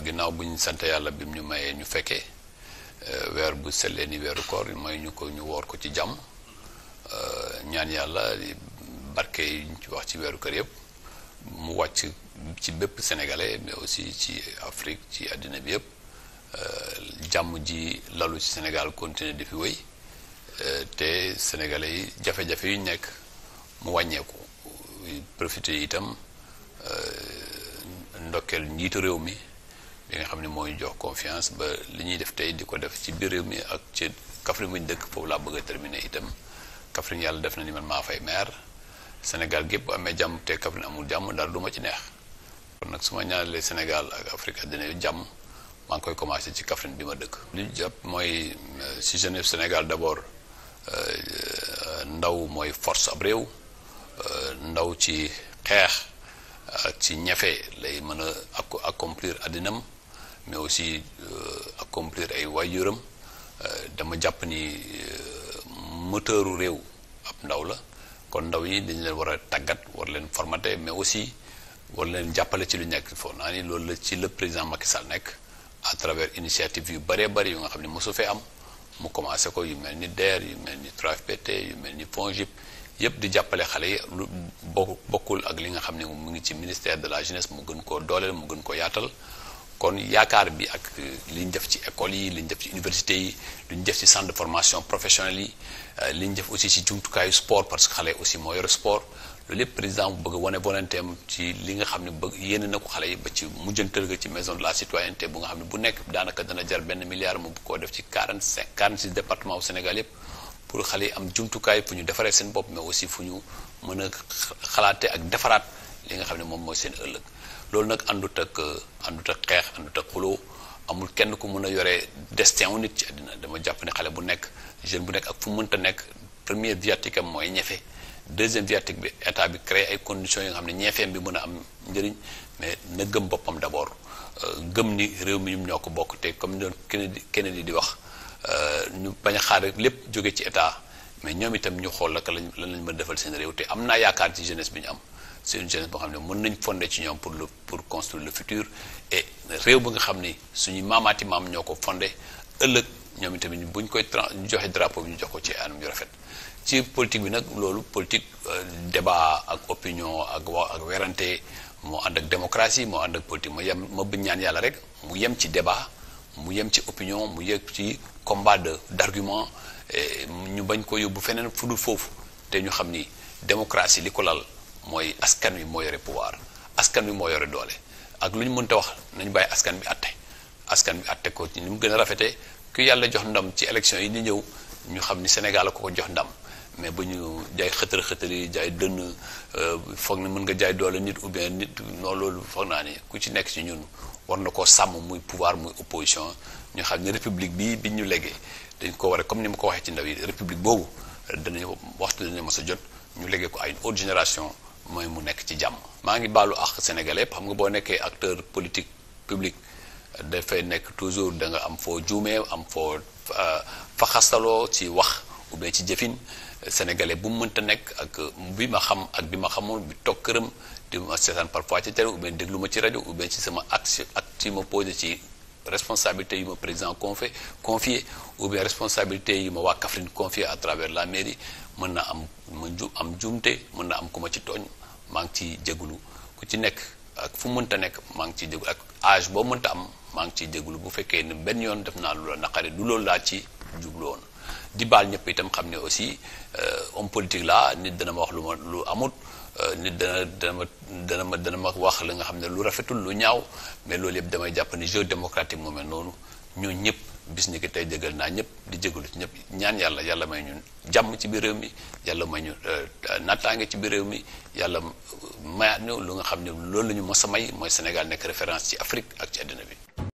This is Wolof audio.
ginnaaw bu ñu sant yàlla bi ñu mayee ñu fekkee euh, weer bu sellee ni weeru koor may ñu ko ñu woor ko ci jàmm euh, ñaan yàlla barke yi ñu ci wax ci weeru kër yëpp mu wàcc ci bépp sénégalais mais aussi ci Afrique ci àddina bi yëpp euh, jàmm ji lalu ci Sénégal continuer di fi wéy te sénégalais yi jafe-jafe yu nekk mu wàññeeku profité itam ndokkeel njiitu réew mi li nga xam ne mooy ñu jox confiance ba li ñuy def tey di ko def ci biir réew mi ak ci Kaffrine bu ñu dëkk foofu laa bëgg a terminer itam Kaffrine yàlla def na ni man maa fay maire Sénégal gépp bu amee jàmm te Kaffrine amul jàmm dara du ci neex kon nag su ma Sénégal ak Afrique jàmm maa ngi koy commencé ci Kaffrine bi ma dëkk. li jàpp mooy euh, si jeunesse Sénégal d'abord euh, ndaw mooy force ab réew euh, ndaw ci xeex ak ci ñafe lay mën a accomplir àddinam mais aussi euh, accomplir ay waajuram euh, dama jàpp ni euh, moteuru réew ab ndaw la kon ndaw yi dañu leen war a tàggat war leen formater mais aussi war leen jàppale ci lu nekk foog naa ni loolu la ci le président Macky Sall nekk à travers initiative yu bëree bëri yu nga xam ne mosu fee am mu commencé ko yu mel ni DER yu mel ni 3FPT yu mel ni FONGIP yëpp di jàppale xale yi lu bokkul ak li nga xam ne mu ngi ci ministère de la jeunesse mu gën koo dooleel mu gën ko yaatal kon yaakaar bi ak euh, li ñu def ci école yi li ñu def ci université yi li ñu def ci centre de formation professionnelle yi euh, li ñu def aussi ci jumtukaayu sport parce que xale aussi moo yore sport loolu lépp président bu bëgg wane volonté ci li nga xam ne bëgg yéene na ko xale yi ba ci mujjantal ga ci maison de la citoyenneté bu nga xam ne bu nekk daanaka dana jar benn milliard mu bu koo def ci 45 46 département au Sénégal yépp pour xale yi am jumtukaay fu ñu defaree seen bopp mais fu ñu mën a xalaate ak defaraat li nga xam ne moom mooy seen ëllëg loolu nag àndut ak àndut ak xeex àndut ak xuloo amul kenn ku mën a yore destin wu nit ci àddina dama jàpp ne xale bu nekk jeune bu nekk ak fu mënta nekk premier viatique am mooy ñefe deuxième viatique bi état bi créé ay conditions yi nga xam ne ñeefeem bi mën a am njëriñ mais na gëm boppam d'abord euh, gëm ni réew mi ñum ñoo ko bokk te comme ni doon Kennedy Kennedy di wax euh, ñu bañ a xaar lépp jóge ci état mais ñoom itam ñu xool la lañ lan lañ mën defal seen réew te am naa yaakaar ci jeunesse bi ñu am c'est une jeunesse boo xam ne mën nañ fondé ci ñoom pour le pour construire le futur et réew bi nga xam ni suñu maamaati maam ñoo ko fondé ëllëg ñoom itamit buñ koy tra joxe drapeau bi ñu jox ko ci anam yu rafet ci politique bi nag loolu politique euh, débat ak opinion ak wa ak werante moo ànd ak démocratie moo ànd ak politique ma yem ma bëgg ñaan yàlla rek mu yem ci débat mu yem ci opinion mu yem ci combat de d'argument Eh, ñu bañ ko yóbbu feneen fu dul foofu te ñu xam ni démocratie li ko lal mooy askan wi moo yore pouvoir askan wi moo yore doole ak lu ñu mënta wax nañu bàyyi askan bi atte askan bi atte ko ci ni mu gën a rafetee ku yàlla jox ndam ci élection yi di ñëw ñu xam ni Sénégal ak ko jox ndam mais ba ñu jaay xëtër xëtër yi jaay dënn euh, foog na mën nga jaay doole nit ou bien nit non loolu foog naa ni ku ci nekk ci ñun war na koo sàmm muy pouvoir muy opposition ñu xam ne république bi bi ñu legee dañ ko war comme ni ma ko waxee ci ndaw yi république boobu danañ waxtu danañ ma sa jot ñu legee ko ay une autre génération mooy mu nekk ci jàmm maa ngi baalu ak sénégalais yëpp xam nga boo nekkee acteur politique public dafay nekk toujours da nga am foo juumee am foo faxastaloo ci wax ou bien ci jëfin euh, sénégalais bu mu mënta nekk ak euh, bi ma xam ak bi ma xamul bi toog këram di ma seetaan parfois ci télé ou bien déglu ma ci rajo ou bien ci sama action ak ci ma posé ci responsabilité yu ma président confié confié ou bien responsabilité yu ma waa Kaffrine confié à travers la mairie mën na am ma ju am jumte mën na am ku ma ci tooñ maa ngi ciy jégalu ku ci nekk ak fu mënta nekk maa ngi ciy jégalu ak âge boo mënta am maa ngi ciy jégalu bu fekkee ne benn yoon def naa lu la naqari du loolu laa ci jubloon di baal ñëpp itam xam ne aussi euh, homme politique la nit dana ma wax lu ma lu amut euh, nit dana dana ma dana ma dana ma wax la nga xam ne lu rafetul lu ñaaw mais loolu yëpp damay jàpp ni jeu démocratique noonu ñooñ ñëpp bis ni ki tey jégal naa ñëpp di jégalu ci ñëpp ñaan yàlla yàlla may ñu jàmm ci biir réew mi yàlla may ñu euh, nattaange ci biir mi yàlla mayaat ñu lu nga xam ne loolu la ñu mos a may mooy Sénégal nekk référence ci Afrique ak ci àddina bi